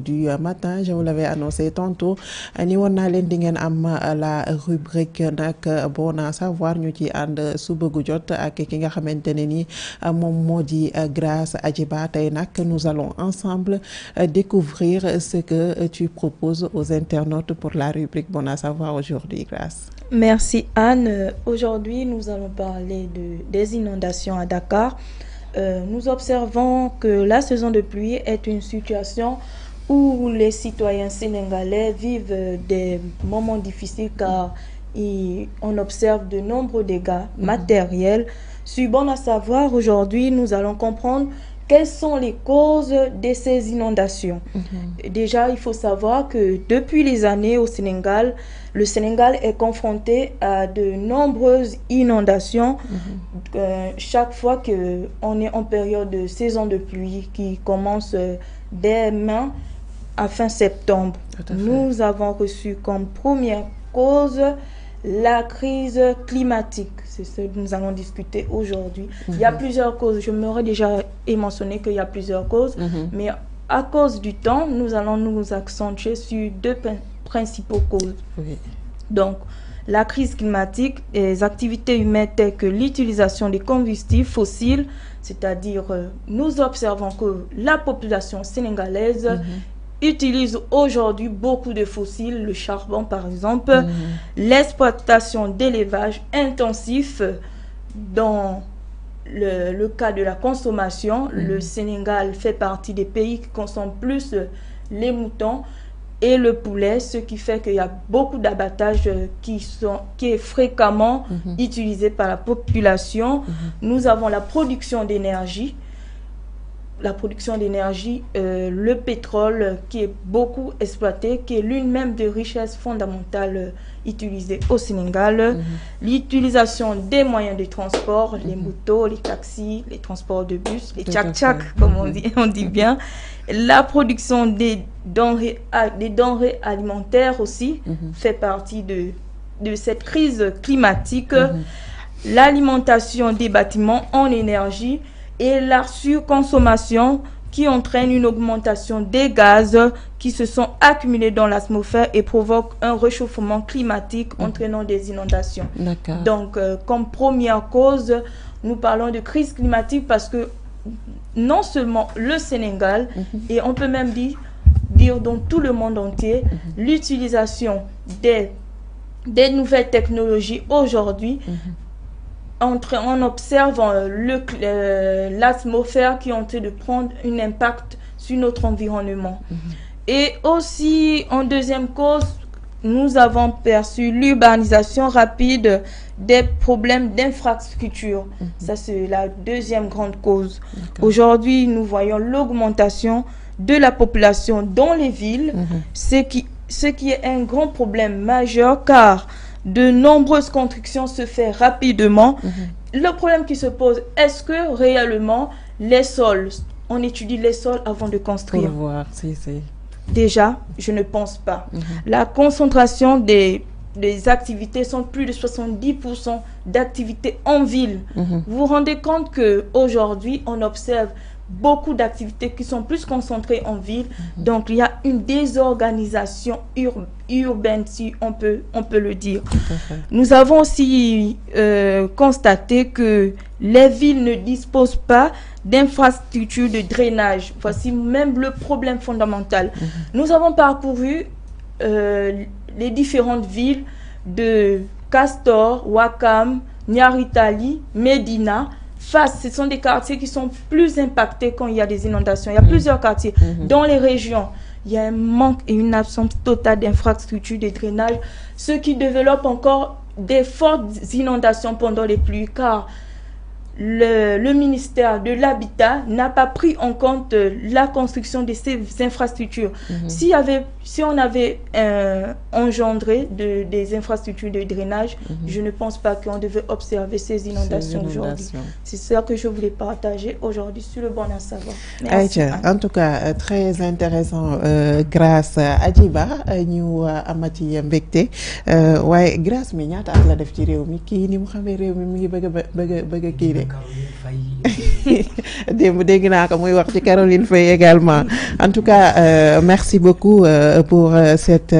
du euh, matin je vous l'avais annoncé tantôt euh, la rubrique euh, bon à savoir nous allons ensemble découvrir ce que tu proposes aux internautes pour la rubrique bon à savoir aujourd'hui grâce. Merci Anne. Aujourd'hui, nous allons parler de, des inondations à Dakar. nous observons que la saison de pluie est une situation où les citoyens sénégalais vivent des moments difficiles car on observe de nombreux dégâts mhm. matériels. bon à savoir, aujourd'hui, nous allons comprendre quelles sont les causes de ces inondations. Mhm. Déjà, il faut savoir que depuis les années au Sénégal, le Sénégal est confronté à de nombreuses inondations mhm. euh, chaque fois qu'on est en période de saison de pluie qui commence euh, dès maintenant à fin septembre, nous avons reçu comme première cause la crise climatique. C'est ce que nous allons discuter aujourd'hui. Il y a mhm. plusieurs causes. Je m'aurais déjà mentionné qu'il y a plusieurs causes, mhm. mais à cause du temps, nous allons nous accentuer sur deux principaux causes. Donc, la crise climatique, et les activités humaines telles que l'utilisation des combustibles fossiles, c'est-à-dire euh, nous observons que la population sénégalaise mhm utilisent aujourd'hui beaucoup de fossiles, le charbon par exemple, mm. l'exploitation d'élevage intensif dans le, cas de la consommation. Mm. Le Sénégal fait partie des pays qui consomment plus les moutons et le poulet, ce qui fait qu'il y a beaucoup d'abattages qui sont qui est fréquemment utilisés mm-hmm. utilisé par la population. Mm-hmm. Nous avons la production d'énergie la production d'énergie, euh, le pétrole qui est beaucoup exploité, qui est l'une même des richesses fondamentales euh, utilisées au Sénégal, mhm. l'utilisation des moyens de transport, les mhm. motos, les taxis, les transports de bus, les tchak-tchak, comme on, mhm. dit, on dit bien, la production des denrées, des denrées alimentaires aussi fait partie de, de cette crise climatique, l'alimentation des bâtiments en énergie et la surconsommation qui entraîne une augmentation des gaz qui se sont accumulés dans l'atmosphère et provoque un réchauffement climatique mhm. entraînant des inondations. Donc, euh, comme première cause, nous parlons de crise climatique parce que non seulement le Sénégal, mhm. et on peut même dire, dire dans tout le monde entier, mhm. l'utilisation des, des nouvelles technologies aujourd'hui entre, observant observe euh, euh, l'atmosphère qui est en de prendre un impact sur notre environnement. Mhm. Et aussi, en deuxième cause, nous avons perçu l'urbanisation rapide des problèmes d'infrastructure. Mhm. Ça, c'est la deuxième grande cause. Aujourd'hui, nous voyons l'augmentation de la population dans les villes, mhm. qui, ce qui est un grand problème majeur car de nombreuses constructions se font rapidement. Mhm. Le problème qui se pose, est-ce que réellement les sols, on étudie les sols avant de construire Déjà, je ne pense pas. Mhm. La concentration des, activités sont plus de 70% d'activités en ville. Mhm. Vous vous rendez compte qu'aujourd'hui, on observe beaucoup d'activités qui sont plus concentrées en ville. Donc, il y a une désorganisation urbaine, si on peut, on peut le dire. Nous avons aussi euh, constaté que les villes ne disposent pas d'infrastructures de drainage. Voici même le problème fondamental. Mm-hmm. Nous avons parcouru euh, les différentes villes de Castor, Wakam, Nyaritali, Medina face, ce sont des quartiers qui sont plus impactés quand il y a des inondations. Il y a plusieurs quartiers. Mhm. Dans les régions, il y a un manque et une absence totale d'infrastructures de drainage, ce qui développe encore des fortes inondations pendant les pluies, car le, ministère de l'Habitat n'a pas pris en compte euh, la construction de ces infrastructures. Mhm. Si, on avait euh, engendré des infrastructures de drainage, mhm. je ne pense pas qu'on devait observer ces inondations, aujourd'hui. C'est ça que je voulais partager aujourd'hui sur le bon à savoir. Merci. en tout cas, euh, très intéressant. grâce à Djiba, ñu amati grâce la fay muy Caroline également en tout cas euh, merci beaucoup euh, pour euh, cette,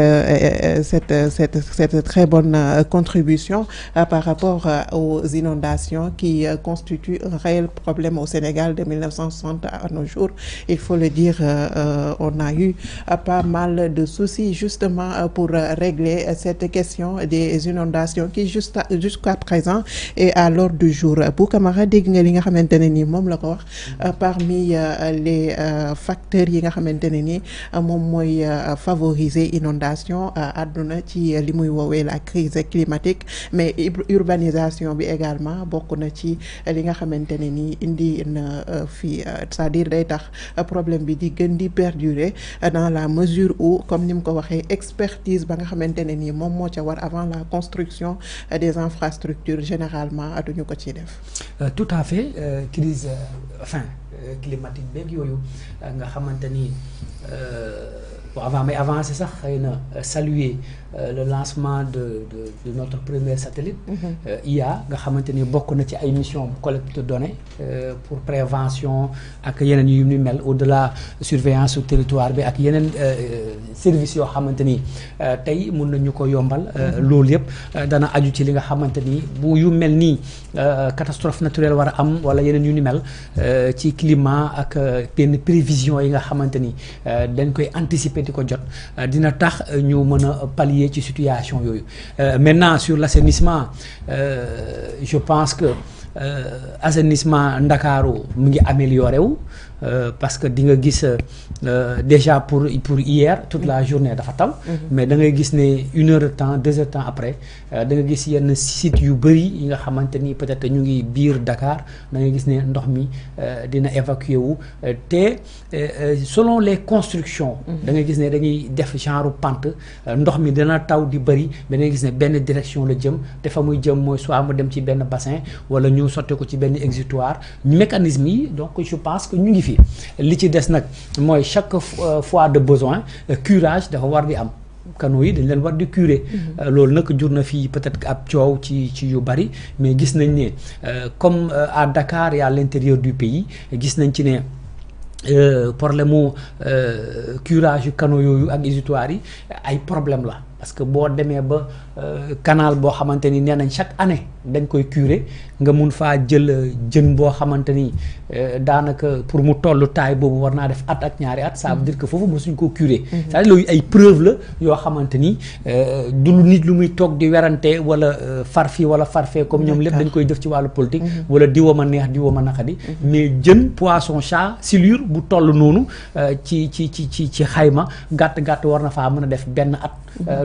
cette, cette, très bonne contribution par rapport aux inondations qui constituent un réel problème au Sénégal de 1960 à nos jours. Il faut le dire, on a eu pas mal de soucis justement pour régler cette question des inondations qui jusqu'à présent est à l'ordre du jour. pour xamante ne ni la ko wax euh, parmi euh, les euh, facteurs yi nga xamante ne ni favoriser inondation àdduna ci li muy woowee la crise climatique mais urbanisation bi également bokk na ci li nga xamante ne ni indi na fii c'est-à-dire day tax problème bi di gën di perdurer dans la mesure où comme ni mu ko waxee expertise ba nga xamante ne ni moom war avant la construction des infrastructures généralement duñu ko ci def tout à fait euh, crise euh, enfin climatique beeg yooyu euh, nga xamante ni euh, bon avant may avancé sax xëy na euh, saluer le lancement de de de notre premier satellite. Mhm. IA nga xamante ni bokk na ci ay missions collecte données pour prévention ak yeneen yu ñu mel au-delà surveillance su territoire bi ak yeneen service yoo xamante ni tey mun nañu ko yombal. Mhm. loolu yëpp dana aju ci li nga xamante ni bu yu mel nii catastrophe naturelle war a am wala yeneen yu ñu mel ci climat ak une euh, prévision yi nga xamanteni euh, dañ koy anticiper diko jot euh, dina tax ñu pallier ci situation maintenant sur l'assainissement je pense que euh, assainissement Dakarou, mu ngi amélioré wu euh, parce que di nga gis euh, déjà pour pour hier toute la journée dafa taw mhm. mais da ngay gis né une heure de temps deux heures de temps après da nga gis yenn site yu bëri yi nga xamanteni peut-être ñu ngi biir Dakar da ngay gis né ndox mi dina évacuer wu te selon les constructions mhm. da ngay gis ne dañuy def genre pente ndox mi dina taw di bëri mais da ngay gis benn direction la jëm te fa muy jëm moy soit mu dem ci benn bassin wala ñu ñëw sotti ko ci exutoire mécanisme donc je pense que nous, des chaque euh, fois de besoin euh, curage de war des am canaux curer mhm. euh, peut-être ci mais comme à Dakar et à l'intérieur du pays gis nañ ci pour les curage canaux exutoire problème là. parce que boo demee ba euh, canal boo xamante ni nee nañ chaque année dañ koy curer nga mun faa jël euh, jën boo xamante ni euh, daanaka pour mu toll taay boobu war naa def at ak ñaari at ça veut ko que foofu suñ koo curer mhm. cest à loolu ay preuve la yoo xamante ni du lu nit lu muy toog di werante wala far fii wala farfee comme ñoom lépp dañ koy def ci wàllu politique mhm. wala di ma neex di wama naqadi mhm. mais jën poisson chat silure bu toll noonu ci ci ci ci ci xayma gàtt gàtt war na faa mën a def benn at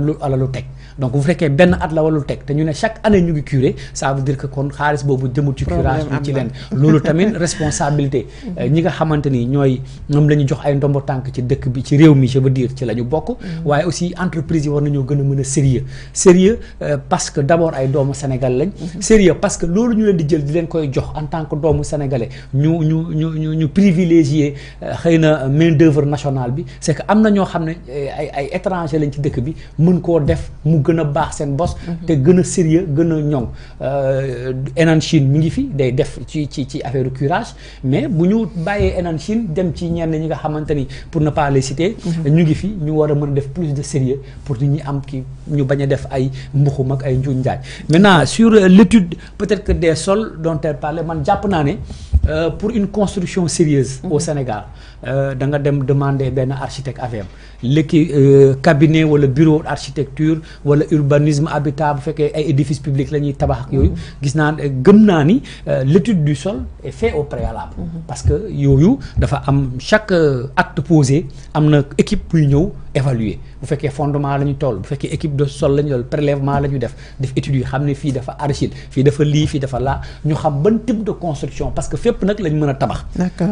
lu alalu donc bu fekkee benn at la walul teg te ñu ne chaque année ñu ngi curé ça veut dire que kon xaalis boobu demul ci curage bi ci leen loolu tamit responsabilité euh, ñi nga xamante ni ñooy ñoom la ñu jox ay ndombo tànk ci dëkk bi ci réew mi je veux dire ci la ñu bokk mm-hmm. waaye aussi entreprise yi war nañoo gën a mën a sérieux sérieux euh, parce que d'abord ay doomu Sénégal lañ mm-hmm. sérieux parce que loolu ñu leen di jël di leen koy jox en tant que doomu sénégalais ñu ñu ñu ñu ñu privilégié euh, xëy na main d'œuvre nationale bi c'est que am na ñoo xam ne ay ay étranger lañ ci dëkk bi mën koo def mu gën a baax seen sérieux gën a ñoŋ. Enan euh, Chine mi ngi fi day def ci mais Enan Chine dem ci ñenn ñi nga pour ne pas les citer. plus de sérieux pour def maintenant sur euh, l'étude peut-être que des sols dont elle parlait man euh, pour une construction sérieuse au mhm. Sénégal euh, da demande dem demander architecte AVM le euh, cabinet le bureau d'architecture ou urbanisme habitable fait que édifices publics mhm. l'étude du sol est fait au préalable mhm. parce que chaque acte posé a une équipe évaluer bu fekkee fondement la ñu toll bu fekkee équipe de sol la ñu toll prélèvement la ñu def def étude yi xam ne fii dafa argile fii dafa lii fii dafa laa ñu xam ban type de construction parce que fépp nag lañ mën a tabax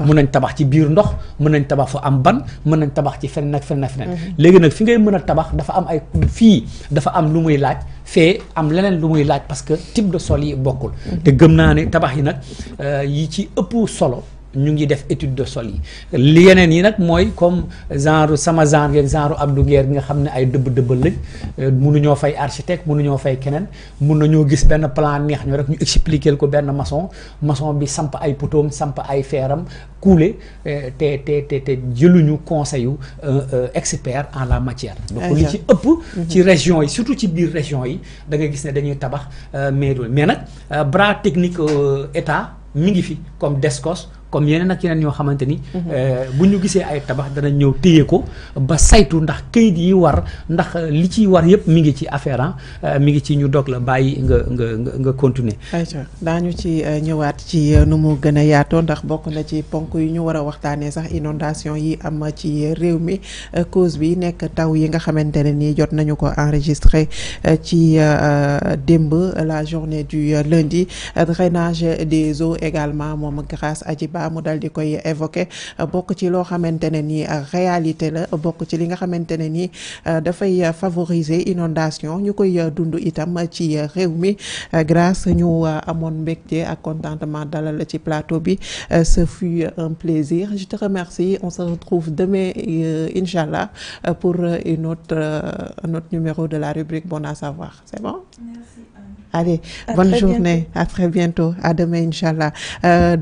mën nañ tabax ci biir ndox mën nañ tabax fa am ban mën nañ tabax ci feneen ak feneen ak feneen mhm. léegi nag fi ngay mën a tabax dafa am ay fii dafa am lu muy laaj fee am leneen lu muy laaj parce que type de sol yi bokkul mhm. te gëm naa ne tabax yi nag euh, yi ci ëpp solo ñu ngi def étude de sol yi li yeneen yi nag mooy comme genre sama genre yeeg genre Abdou Nguer nga xam ne ay dëbb-dëbbal lañ euh, mënuñoo fay architecte mënuñoo fay keneen mun nañoo gis benn plan neex ñu rek ñu expliquer ko benn maçon maçon bi samp ay potoom samp ay feeram coulé euh, te te te te jëluñu conseil yu euh, expert en la matière donc li ci ëpp ci région yi surtout ci biir région yi da nga gis ne dañuy tabax mais mais nag bras technique état mi ngi fi comme DESCOS comme yeneen ak yeneen yoo xamante ni. Mhm. Euh, bu ñu gisee ay tabax dana ñëw téye ko ba saytu ndax këyit yi war ndax li ci war yëpp mi ngi ci affaire ah, euh, mi ngi ci ñu dog la bàyyi nga nga nga continuer. ayca daañu ci euh, ñëwaat ci nu mu gën a yaatoo ndax bokk na ci ponk yu ñu war a waxtaanee sax inondation yi am ci réew mi cause bi nekk taw yi nga xamante ne nii jot nañu ko enregistré ci démb la journée du lundi drainage des eaux également moom grâce à modèle mu dal di koy évoqué bokk ci loo xamantene ni réalité la bokk ci li nga xamantene ni euh, dafay favoriser inondation ñu koy euh, dund itam ci euh, réew mi grâce ñu mon mbégte ak contentement dalal ci plateau bi ce fut un plaisir je te remercie on se retrouve demain Inshallah pour une autre un autre numéro de la rubrique Bon à savoir c'est bon Merci. Allez, bonne journée. À très bientôt. À demain, Inch'Allah. Euh,